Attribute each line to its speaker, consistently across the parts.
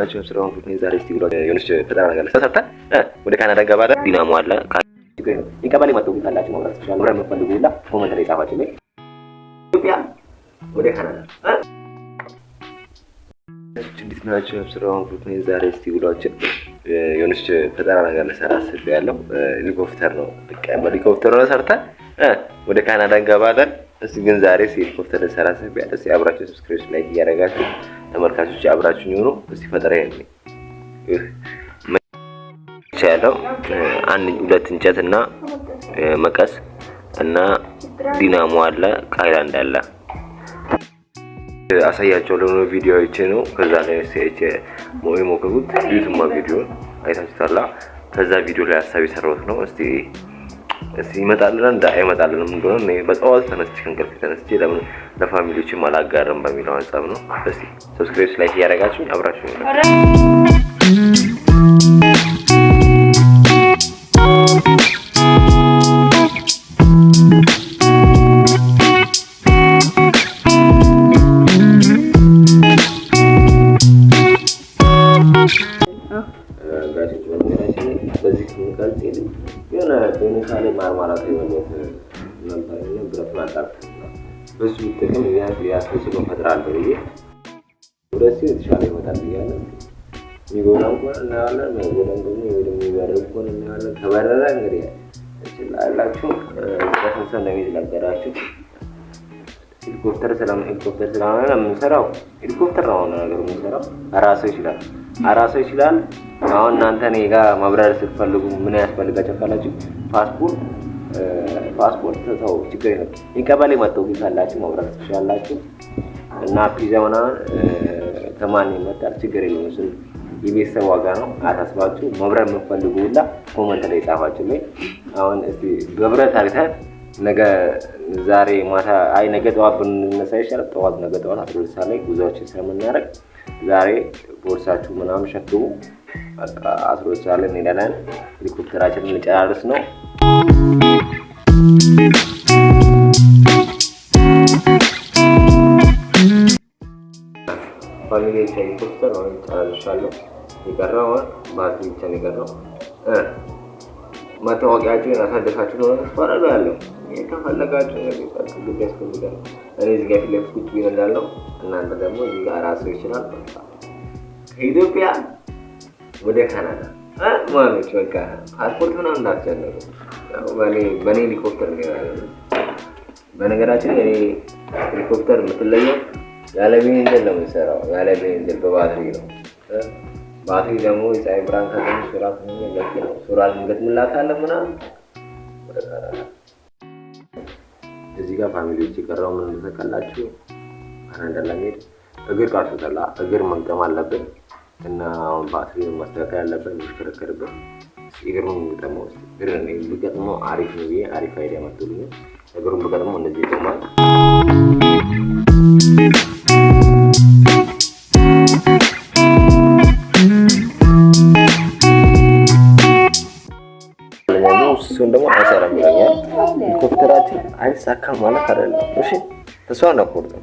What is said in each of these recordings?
Speaker 1: ናቸው ስለሆንኩት ነው ዛሬ እስቲ ብሎ የሆነች ፈጠራ ነገር ለሰጣ ወደ ካናዳ ገባለ ዲናሞ አለ ይቀበል ይመጣው ካላችሁ ማውራት ይችላል። ወራ መፈልጉ ላ ኮመንት ላይ ጻፋችሁ ላይ ኢትዮጵያ ወደ ካናዳ እንዴት ናቸው ስለሆንኩት ነው ዛሬ እስቲ ብሏችን የሆነች ፈጠራ ነገር ለሰራ አስብ ያለው ሄሊኮፕተር ነው በቃ በሄሊኮፕተር ነው ሰርተን ወደ ካናዳ እንገባለን። እስ ግን ዛሬ ሄሊኮፕተር ለሰራ አስብ ያለ እስቲ አብራችሁ ሰብስክሪፕሽን ላይ እያደረጋችሁ ተመልካቾች አብራችሁ ይሁኑ። እስቲ ፈጠራ ያለኝ ያለው አንድ ሁለት እንጨት እና መቀስ እና ዲናሞ አለ፣ ቃይላንድ አለ። አሳያቸው ለሆነ ቪዲዮ አይቼ ነው። ከዛ ላይ ሲአይቼ ሞይ ሞከቡት ዩቱብ ቪዲዮ አይታችሁታላ። ከዛ ቪዲዮ ላይ ሀሳብ የሰራሁት ነው። እስቲ እስኪ ይመጣልና እንደ አይመጣልንም እንደሆነ እኔ በጠዋት ተነስቼ ከእንቅልፍ ተነስቼ ለምን ለፋሚሊዎችም አላጋርም በሚለው ሀሳብ ነው። እስኪ ሰብስክራይብ ላይ እያደረጋችሁ አብራችሁ ለምሳሌ ማርማራታ የሆነት መንፈረኛ ብረት ማጣት በሱ ብጠቀም ቢያንስ ያስተጽዕኖ ፈጥራለሁ ብዬ ብረት ሲሆን የተሻለ ይመጣል ብያለ የሚጎዳ እንኳን እናያለን፣ ማይጎዳም ደግሞ ወይደሞ የሚበረብ እንኳን እናያለን። ተበረረ እንግዲህ ችላላችሁ በስንሰ ለቤት ነገራችሁ ሄሊኮፕተር ሄሊኮፕተር ስለሆነ የምንሰራው ሄሊኮፕተር ነው ነገር የምንሰራው አራሰው ይችላል አራሰው ይችላል አሁን እናንተ እኔ ጋር ማብራሪያ ስትፈልጉ ምን ያስፈልጋቸው ካላችሁ ፓስፖርት ፓስፖርት ተው ችግር የለም። የቀበሌ መታወቂ ካላችሁ ማብራሪያ ትችላላችሁ። እና ፒዛ ምናምን ከማን ይመጣል ችግር የለም። እሱን የቤተሰብ ዋጋ ነው አታስባችሁ። መብረር የምትፈልጉ ሁላ ኮመንት ላይ ጻፋችሁ ላይ አሁን እስቲ በብረት አድርገን ነገ ዛሬ ማታ አይ ነገ ጠዋት ብንነሳ ይሻላል። ጠዋት ነገ ጠዋት አስራ ሁለት ላይ ጉዞዎችን ስለምናደርግ ዛሬ ቦርሳችሁ ምናምን ሸክሙ አስሮቻለን እንሄዳለን። ሄሊኮፕተራችንን ልጨራርስ ነው። ፋሚሊ ሄሊኮፕተር ጨራርሻለሁ። የቀረው ባትሪ ብቻ ነው የቀረው። መታወቂያችሁን ያሳደሳችሁ ሆነ ስፈረጋ ያለው ከፈለጋችሁ ግቢ ያስፈልጋል። እኔ እዚህ ጋር ፊት ለፊት ቁጭ ብዬ እንዳለው እናንተ ደግሞ እዚህ ጋር ራሱ ይችላል ከኢትዮጵያ ወደ ካናዳ ማኖች በቃ ፓስፖርት ምናምን እንዳስቸነሩ በእኔ ሄሊኮፕተር እንሄዳለን። በነገራችን እኔ ሄሊኮፕተር የምትለየው ያለ ቤንዝል ነው የሚሰራው። ያለ ቤንዝል በባትሪ ነው። ባትሪ ደግሞ የፀሐይ ብርሃን ከተም ሱራ ለኪ ነው ሱራ ልንገጥምላታለን ምናምን እዚህ ጋር ፋሚሊዎች የቀረው ምን ተቀላችሁ ካናዳ ለመሄድ እግር ቃርሶታል። እግር መግጠም አለብን እና አሁን ባትሪ ማስተካከል ያለበት የሚሽከረከርበት እግሩን የሚገጥመው እግርን የሚገጥመው አሪፍ ነው ብዬ አሪፍ አይዲያ መጥቶልኛል። እግሩን ብገጥመው እንደዚህ ይቆማል። እሱን ደግሞ አይሰራም ይለኛል። ሄሊኮፕተራችን አይሳካም ማለት አይደለም። እሺ ተስፋ እናቆርጥም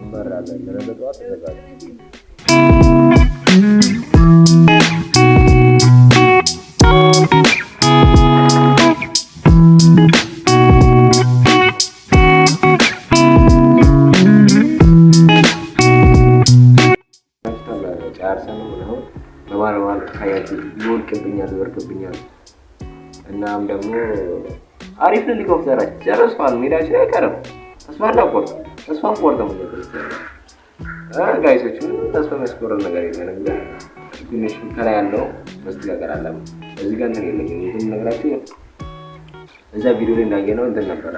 Speaker 1: እንበራለን። ነገ ጠዋት ተዘጋጁ። ይወድቅብኛል ይወድቅብኛል። እናም ደግሞ አሪፍ ሄሊኮፕተራችን ጨርሷል። ሜዳችን አይቀርም ተስፋ ተስፋ ቆርጠ መገበር ጋይሶች ምንም ተስፋ የሚያስቆረጥ ነገር የለንም። ትንሽ ከላይ ያለው መስተጋገር አለ። እዚህ ጋር እንትን የለኝም። ይህም ነገራችሁ እዛ ቪዲዮ ላይ እንዳየነው ነው እንትን ነበረ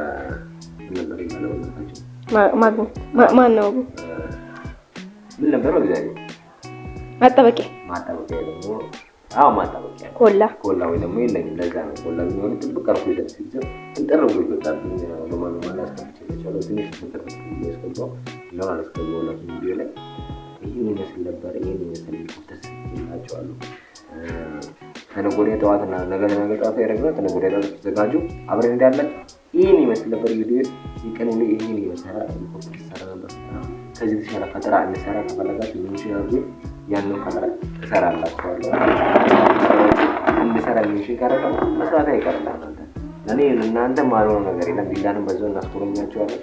Speaker 1: ነበር ይባለ ማን ነው ምን ነበረው? እግዚአብሔር ማጠበቂያ ማጠበቂያ ደግሞ አዎ ማታ ኮላ ኮላ ወይ ደግሞ የለኝም። ለዛ ነው ኮላ ቢኖር ጥብቅ አርጎ ይዘን ሲጀም እንጠር ብሎ ይወጣል። ለማን ማላስቻለ ትንሽ ምክር ያስገባው ለሆን አላስገባውላት ቪዲዮ ላይ ይህን ይመስል ነበረ። ይህን ይመስል ተስ ናቸዋለሁ። ከነገ ወዲያ ጠዋትና ነገ ነገ ጠዋት ያደረግና ከነገ ወዲያ ጠዋት ተዘጋጁ፣ አብረን እንዳለን። ይህን ይመስል ነበር ቪዲዮ ይቀን ሁሉ ይህን ይመስላል። ሪፖርት ይሰራ ነበር። ከዚህ በተሻለ ፈጠራ እንሰራ ከፈለጋችሁ ምንችል አድርጎ ያንን ኮንትራት እሰራላቸዋለሁ። እንድሰራ ሚሽን ካረቀ መስራት አይቀርም። እኔ እናንተ ማልሆነ ነገር የለም። ቢላንም በዛው እናስጎበኛቸዋለን።